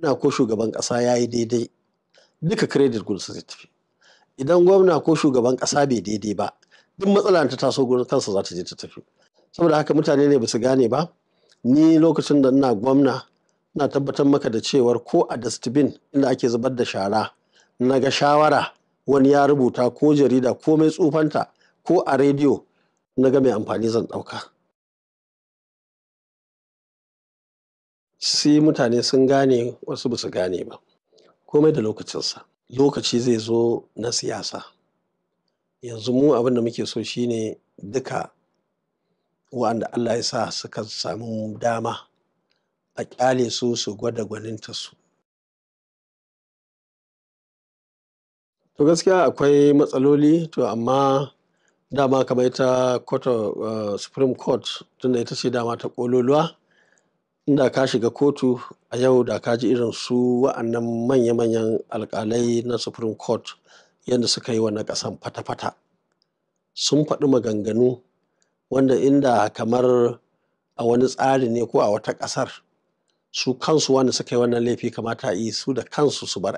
gwamna ko shugaban ƙasa ya yi daidai duka credit gurin su tafi idan gwamna ko shugaban ƙasa bai daidai ba duk matsala ta taso gurin kansa za ta je ta tafi saboda haka mutane ne basu gane ba ni lokacin da ina gwamna ina tabbatar maka da cewar ko a dustbin inda ake zubar da shara na ga shawara wani ya rubuta ko jarida ko mai tsufanta ko a rediyo na ga mai amfani zan ɗauka. sai mutane sun gane wasu ba su gane ba komai da lokacinsa lokaci zai zo na siyasa yanzu mu abin da muke so shine duka wa'anda Allah ya sa suka samu dama a ƙyale su su gwada gwaninta su to gaskiya akwai matsaloli to amma dama kamar ita court uh, supreme court tunda ita ce dama ta ƙololuwa inda ka shiga kotu a yau da ka ji irin su wa'annan manya-manyan alkalai na supreme court yadda suka yi wani ƙasan fata-fata sun faɗi maganganu wanda inda kamar a wani tsari ne ko a wata ƙasar su kansu wanda suka yi wannan laifi kamata a yi su da kansu su bar